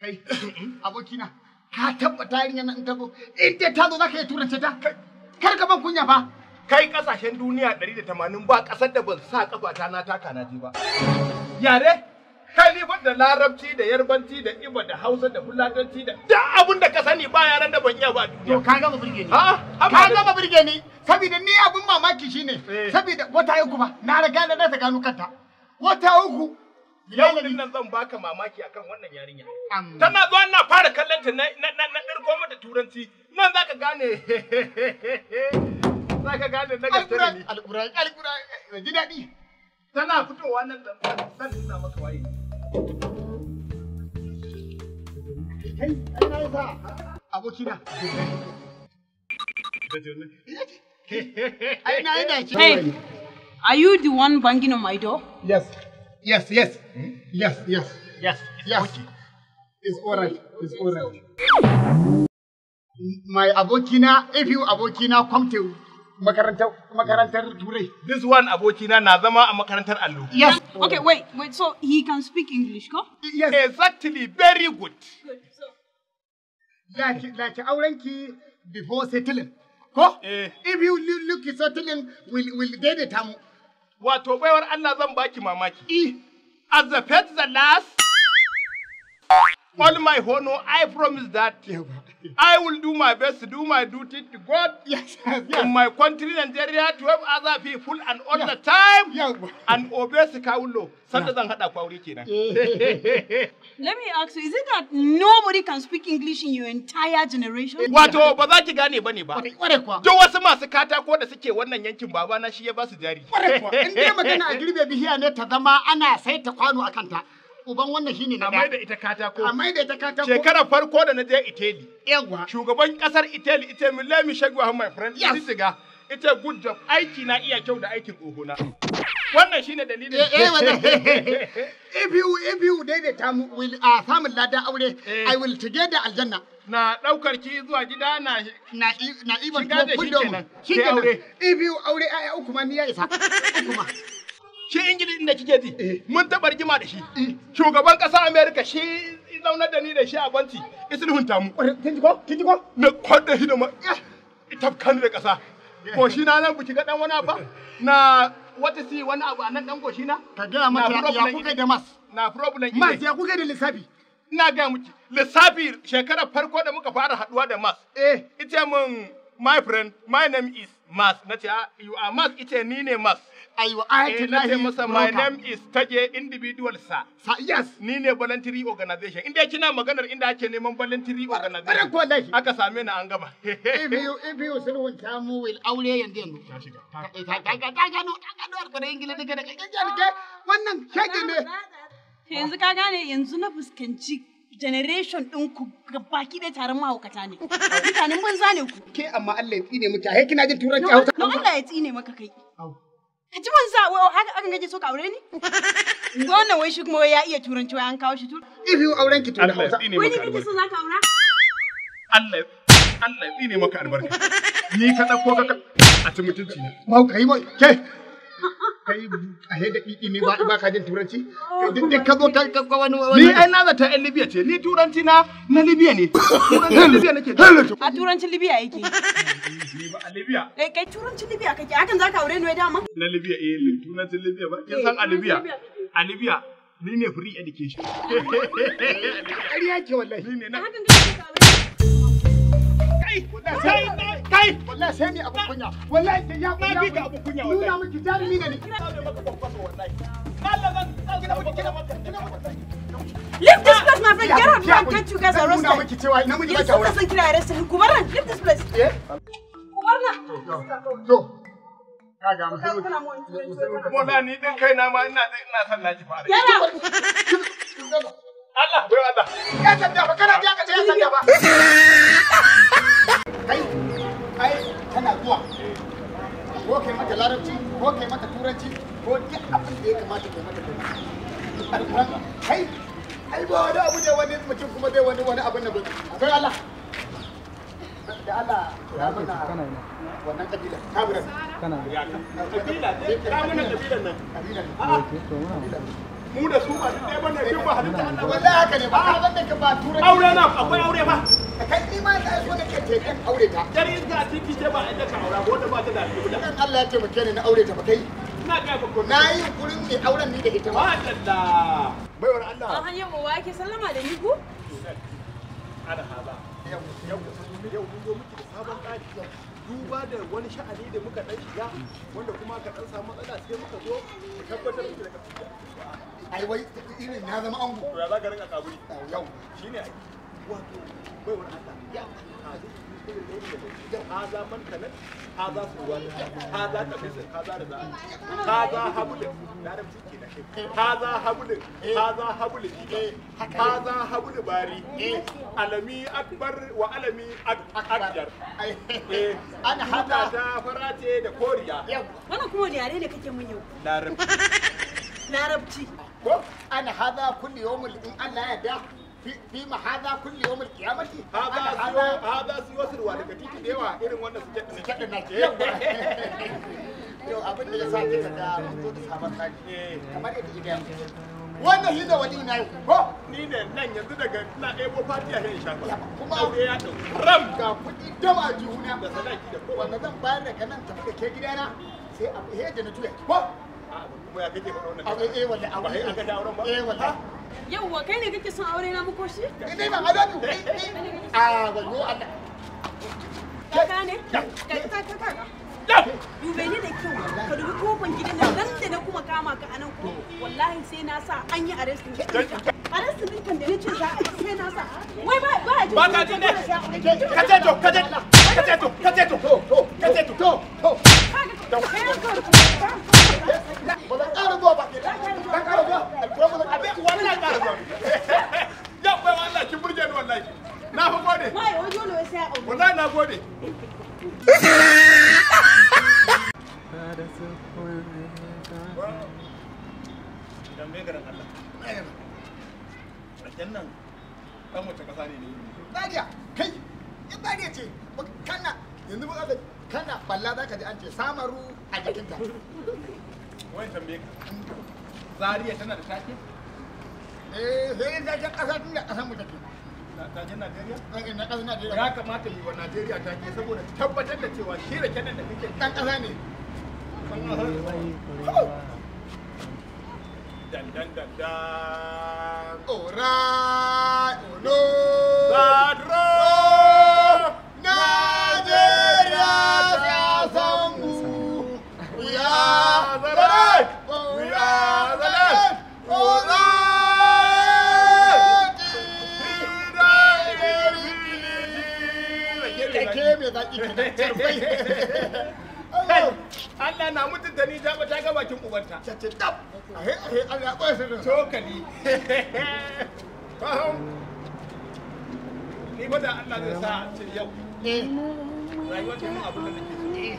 Kai, abokina, ka tabbata yarinyar nan in ta zo, in dai ta zo za ka yi turance ta. Kar ka ban kunya ba. Kai kasashen duniya 180 ba kasar da ban sa kafata na taka na je ba. Yare, kai ni wanda larabci da yarbanci da iba da hausa da fulatanci da duk abin da ka sani ba yaran da ban iya ba to ka gama burge ni ka gama burge ni saboda ni abin mamaki shine eh. saboda wata uku ba na riga na ta gano kanta wata uku yau din nan zan baka mamaki akan wannan yarinya tana zuwa na fara kallon ta na na dirko mata turanci nan ka gane zaka gane na gaskiya ne alquran alquran eh, ji dadi tana fitowa nan da zan nuna maka waye kai ai na yasa abokina Hey, are you the one banging on my door? Yes. Yes, yes. Hmm? Yes, yes. Yes, yes. Okay. It's alright. It's alright. My abokina, if you abokina come to makarantar makarantar turai. This one abokina na zama a makarantar allo. Yes. Okay, wait, wait. So he can speak English, ko? Yes. Exactly. Very good. like Like, like aurenki before settling, ko? Eh. If you look settling, will will daidaita Wato baiwar Allah zan baki mamaki. E, as the pet the last all my honor, I promise that I will do my best to do my duty to God yes, yes, yes. to my country, Nigeria, to help other people and all yes. the time yes. and obey Sikaulo. Let me ask you, is it that nobody can speak English in your entire generation? Wato, ba za ki gane bane ba. Kware kwa. Duk wasu masu katako da suke wannan yankin baba na shi ya ba su jari. Kware kwa. In dai magana a girbe bihiya ne ta zama ana saita kwano akan ta. uban wannan shine na da. da ita katako. A da ita katako. shekara farko da na je Italy. yawa Shugaban kasar Italy ita min let me shake my friend. Yes. Ita ita good job aiki na iya kyau da aikin ohona. Wannan shine dalilin. Eh, eh wannan. If you if you daidaita mu will a ah, samun lada aure eh. I will together aljanna. na daukar ki zuwa gida na na na ibar ko kullum shi kenan if you aure ai uku ma ni ya isa uku ma shi ingili inda kike ji eh. mun taɓa rigima da shi eh. shugaban ƙasa america shi zaunar da ni da shi a banci isulhun ta mu kinji ko kin ko na kwada shi da ma kan da ƙasa ko shi na nan buki ga dan wani ba na wata si wani abu a dan goshi na ka ga mata ya kuke da mas na problem mas ya kuke da lissafi ina ga miki lissafi shekarar farko da muka fara haduwa da mas eh ita mun my friend my name is mas nace ah, you are mas ita ni ne mas Aiwa, I eh, na not masa, my name is Taje individual, sa. Sa, yes. Ni ne voluntary organization. Inda kina maganar inda ake neman voluntary organization. Bare ko Aka same ni an gama. If you if you sulhun ta mu will aure yanzu yanzu. Ta shiga. Ta ta ta ta gano ta gano ne ingila daga daga daga daga wannan shege ne. Yanzu ka gane yanzu na fuskanci generation din ku baki ɗaya taron mahaukata ne. Mutanen banza ne ku. Ke amma Allah ya tsine mu ta. kina jin turanci Hausa. No Allah ya tsine maka kai. ji mun sa wai haka aka gaje so ka aure ni? Wannan wai shi kuma wai ya iya turanci wai an kawo shi tur. Ibi auren ki turanci. Allah ya Wani kake so ka aura? Allah Allah ya tsine maka albarka. Ni ka dauko ka a ci mutunci na. Mau kai mai ke kai a da ɗiɗi ba ba ka jin turanci oh, duk ka zo wani wani ni ai na zata yan libya ce ni turanci na na libya ne turancin libya nake a turancin libya yake a libya eh kai turancin libya kake hakan zaka aure ni wai dama na libya eh turancin libya ba kin eh, san a libya a libya ni ne free education ƙarya ce wallahi ni ne na kai kai kunya kunya kunya ne Leave this place, my friend. Get out, man. Can't you guys arrest him? Yes, who doesn't kill arrest him? Kumaran, leave this place. Yeah. Kumarna. Go. ni na ma Allah, bai Allah. Ya sanda ba kana biya ka ce abubuwa ko kai mata larabci ko kai mata turanci ko duk abin da ya kamata kai mata kai kai ai ba wani abu ne wani mutum kuma zai wani wani abin da ba akwai Allah da Allah ya mana wannan kabila kabila kana kabila kana mana kabilan nan mu da su ba duk bane ba Allah wallahi haka ne ba ba turanci aure na akwai aure ba ka kai ni ma da so nake te aure ta dar yin ta tiki ce ba inda ka aura ko da ba ta da alƙibla dan Allah ya taimake ni na aure ta ba kai ga ba ko na yi kurin ne auren ni da ita ba Allah baiwar Allah an ah, hanyar mu wake sallama da ni haba yau yau mun zo miki da sabon duba da wani sha'ani da muka dan shiga wanda kuma ka dan samu matsala sai muka zo ka tabbatar miki da ka ai wai irin na zama ango ya za ka rinka kaburi yau shine ai wato baiwar Allah ya hazu haza man haza haza bari alami akbar wa alami akbar eh, an hada ta farace da koriya wannan kuma da yare ne kake mun yau larabci larabci ko an hada kulli yawmul in Allah ya da fima hada kulli yawm alqiyamati hada hada hada su wasirwa titi da yawa irin wannan su jaddana jaddana yau abin da ya sa kika ga mutu da sabon tsari eh. kamar yadda kika yi wannan shi da na yi ni ne nan yanzu daga na ebo fatiya hin sha kuma aure ya dau ram ga kudi dama juna da sadaki da ko wanda zan bayar daga nan tafi da ke gidana sai abu he da na tuya ko kuma ya kake faɗa wannan eh, eh wallahi aure an ga Yawwa kai ne kake son aure na makoshi? Ni dai ban ado Allah. ne? Kaka kaka. Dube ni da kyau, ka dubi kofan gidan nan nan da na kuma kama ka anan ko wallahi sai na sa an yi da za a sai na sa. Wai ba ba ji. Ba ka ji ne. Ka ce to, ka ce to, ka ce to, ka ce to, ka ce to, to. Ka to. keken nan dan wace kasa ne ne Zaria kai in Zaria ce kana yanzu ba ka kana balla zaka ji an ce samaru a jikinta wai tambaye ka Zaria tana da take eh sai da ta ƙasa tun da kasan mu take tajen Najeriya? Eh, na ƙasar Najeriya. Ya kamata yi wa Najeriya take saboda tabbatar da cewa shi da kenan da kake ɗan ƙasa ne. ¡DAN DAN DAN DAN! dan oh no. Bad Nigeria, Zazambu. We are the We Allah na mutunta ni jaba ta ga bakin ubanta cace dab ahe ahe Allah fahim ni ba Allah zai sa ce yau eh. rayuwar ta mun da nake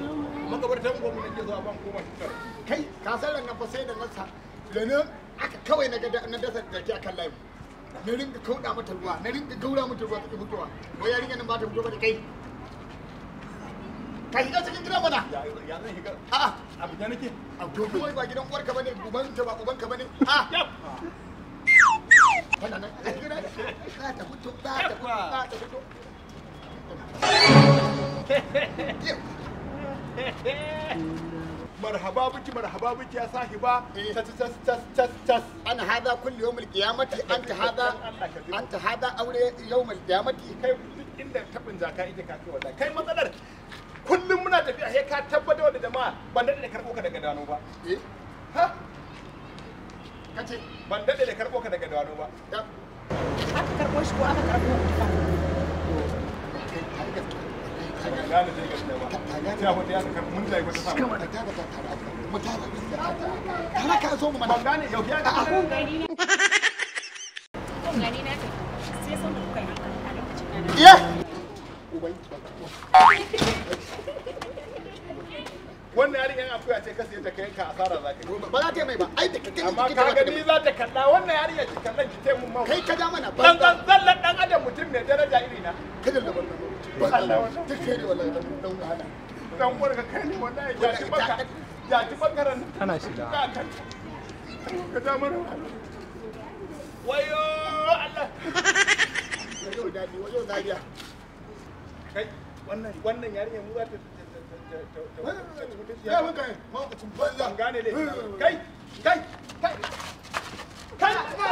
so makabartan gobe nake zuwa ban koma kai ka san ran fa sai da masa yarinya nan ba ta da kai ka shiga cikin gidan mana ya zan shiga a'a abu da nake ba gidan uwarka bane ta ba uban eh. ka bane a tas tas tas tas tas ana hada kulli yawmul qiyamati anta aure yawmul qiyamati kai inda kai matsalar kullum muna tafiya sai ka tabbatar da jama'a ban daɗe da karɓo ka daga dano ba eh ha kace ban daɗe da karɓo ka daga dano ba aka karɓo shi ko aka karɓo ka Yeah. wannan a yan akuya ce ka ta kai ka asara za ka yi ba za ta mai ba ai da kike amma ka gani za ta kalla wannan yari ya ci kallan ki taimun mawa kai ka ja mana ba dan zallan dan adam mutum ne daraja iri na Ka da wannan ba Allah wannan duk kai ne wallahi dan dan wahala dan uwar ka kai ne wallahi ya ci baka ya ci bakaran tana shiga ka mana wayo Allah wayo dadi wayo dadiya kai wannan wannan yarinya mu za ta kai Kai! Kai! kai kai kai